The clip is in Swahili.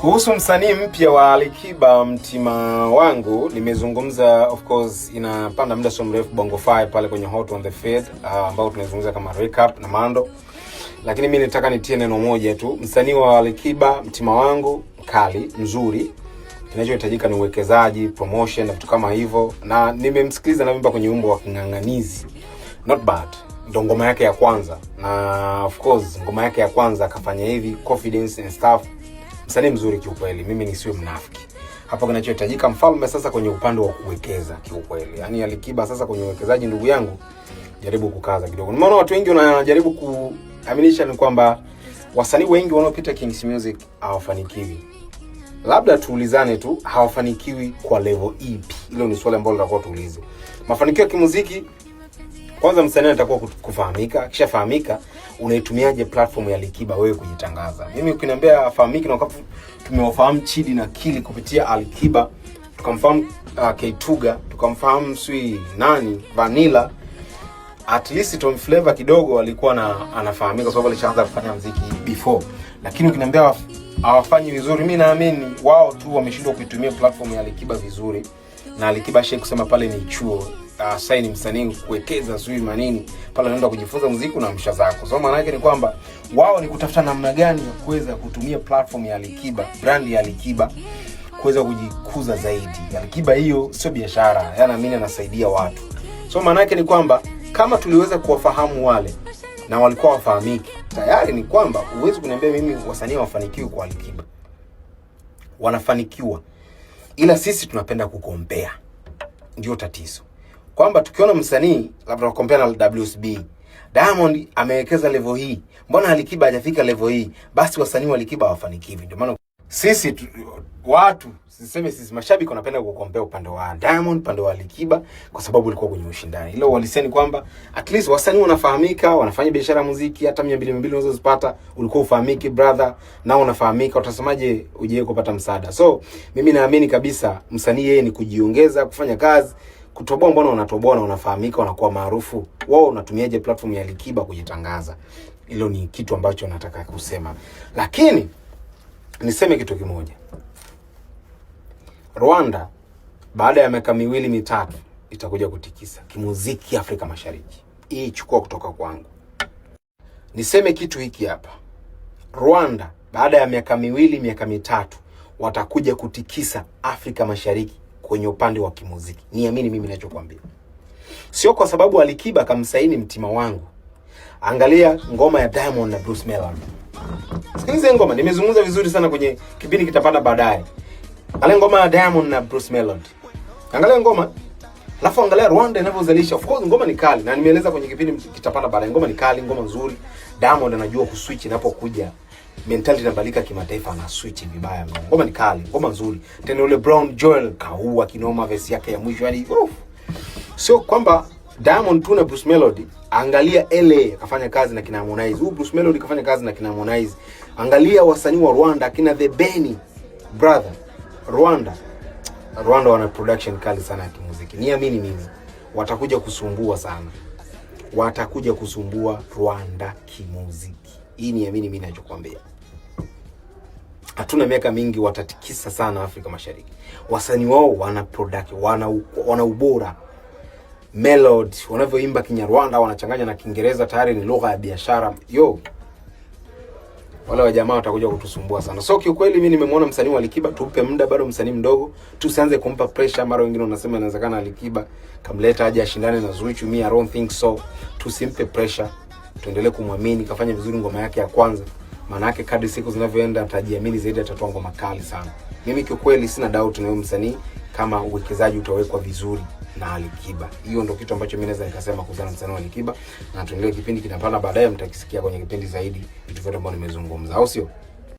Kuhusu msanii mpya wa Alikiba mtima wangu nimezungumza, of course inapanda muda sio mrefu Bongo 5 pale kwenye Hot on the Fed ah, ambao uh, tunazungumza kama recap na mando, lakini mi nitaka nitie neno moja tu. Msanii wa Alikiba mtima wangu kali mzuri, kinachohitajika ni uwekezaji, promotion na vitu kama hivyo, na nimemsikiliza navimba kwenye umbo wa King'ang'anizi, not bad ndo ngoma yake ya kwanza, na of course ngoma yake ya kwanza akafanya hivi confidence and stuff msanii mzuri kiukweli, mimi nisiwe mnafiki hapa. Kinachohitajika mfalme sasa kwenye upande wa kuwekeza kiukweli, yaani Alikiba sasa kwenye uwekezaji, ndugu yangu, jaribu kukaza kidogo. Nimeona watu wengi wanajaribu kuaminisha ni kwamba wasanii wengi wanaopita Kings Music hawafanikiwi. Labda tuulizane tu, hawafanikiwi kwa level ipi? Hilo ni swali ambalo litakuwa tuulize. Mafanikio ya kimuziki kwanza msanii anatakiwa kufahamika, kisha fahamika, unaitumiaje platform ya Alikiba wewe kujitangaza? Mimi ukiniambia fahamiki, na wakati tumewafahamu Chidi na Kili kupitia Alikiba, tukamfahamu uh, Keituga, tukamfahamu swi nani Vanilla, at least Tom Flavor kidogo alikuwa na anafahamika kwa sababu alishaanza kufanya muziki before, lakini ukiniambia hawafanyi vizuri, mimi naamini wao tu wameshindwa kuitumia platform ya Alikiba vizuri, na Alikiba shee kusema pale ni chuo uh, sign msanii kuwekeza sijui manini pale, unaenda kujifunza muziki na msha zako. So maana yake ni kwamba wao ni kutafuta namna gani ya kuweza kutumia platform ya Alikiba, brand ya Alikiba kuweza kujikuza zaidi. Alikiba hiyo sio biashara, yana mimi anasaidia watu. So maana yake ni kwamba kama tuliweza kuwafahamu wale na walikuwa wafahamiki tayari, ni kwamba huwezi kuniambia mimi wasanii wafanikiwe kwa Alikiba, wanafanikiwa, ila sisi tunapenda kukombea, ndio tatizo kwamba tukiona msanii labda tukompea na WCB Diamond amewekeza level hii, mbona Alikiba hajafika level hii? Basi wasanii wa Alikiba hawafanikiwi. Ndio maana sisi tu, watu siseme sisi mashabiki wanapenda kukompea upande wa Diamond, upande wa Alikiba kwa sababu ulikuwa kwenye ushindani. Ilo waliseni kwamba at least wasanii wanafahamika, wanafanya biashara ya muziki, hata 200 mbili unaweza mbili ulikuwa ufahamiki brother, na unafahamika, utasemaje uje kupata msaada? So mimi naamini kabisa msanii yeye ni kujiongeza, kufanya kazi kutoboa, mbona wanatoboa na wanafahamika wanakuwa maarufu, wao unatumiaje platform ya likiba kujitangaza? Hilo ni kitu ambacho nataka kusema, lakini niseme kitu kimoja. Rwanda baada ya miaka miwili mitatu itakuja kutikisa kimuziki Afrika Mashariki. Hii chukua kutoka kwangu, niseme kitu hiki hapa. Rwanda baada ya miaka miwili miaka mitatu watakuja kutikisa Afrika Mashariki kwenye upande wa kimuziki. Niamini mimi ninachokwambia, sio kwa sababu Alikiba kamsaini mtima wangu. Angalia ngoma ya Diamond na Bruce Melody, sikilize ngoma. Nimezungumza vizuri sana kwenye kipindi kitapanda baadaye. Ale ngoma ya Diamond na Bruce Melody, angalia ngoma Alafu angalia Rwanda inavyozalisha. Of course ngoma ni kali na nimeeleza kwenye kipindi kitapanda baadaye. Ngoma ni kali, ngoma nzuri. Diamond anajua kuswitch inapokuja mentality inabadilika kimataifa, na switch vibaya mno. Ngoma ni kali, ngoma nzuri tena. Yule Brown Joel kaua kinoma, verse yake ya mwisho hadi uf. Sio kwamba Diamond tu na Bruce Melody, angalia LA kafanya kazi na kina Harmonize, huyu Bruce Melody kafanya kazi na kina Harmonize. Angalia wasanii wa Rwanda kina The Beni brother, Rwanda Rwanda wana production kali sana ya kimuziki, niamini mimi, watakuja kusumbua sana, watakuja kusumbua Rwanda kimuziki hii ni amini mimi ninachokuambia. Hatuna miaka mingi, watatikisa sana Afrika Mashariki. Wasanii wao wana product, wana wana ubora melody, wanavyoimba Kinyarwanda wanachanganya na Kiingereza, tayari ni lugha ya biashara. Yo, wale wa jamaa watakuja kutusumbua sana. So kiukweli, mimi nimemwona msanii wa Alikiba, tupe muda, bado msanii mdogo, tusianze kumpa pressure. Mara wengine unasema inawezekana Alikiba kamleta aje ashindane na Zuchu, mimi I don't think so, tusimpe pressure tuendelee kumwamini, kafanya vizuri ngoma yake ya kwanza, maana yake kadri siku zinavyoenda atajiamini zaidi, atatoa ngoma kali sana. Mimi kiukweli sina doubt na wewe msanii, kama uwekezaji utawekwa vizuri na Alikiba. Hiyo ndio kitu ambacho mimi naweza nikasema kuhusiana na msanii wa Alikiba, na tuendelee. Kipindi kinapana, baadaye, mtakisikia kwenye kipindi zaidi vitu vyote ambavyo nimezungumza, au sio?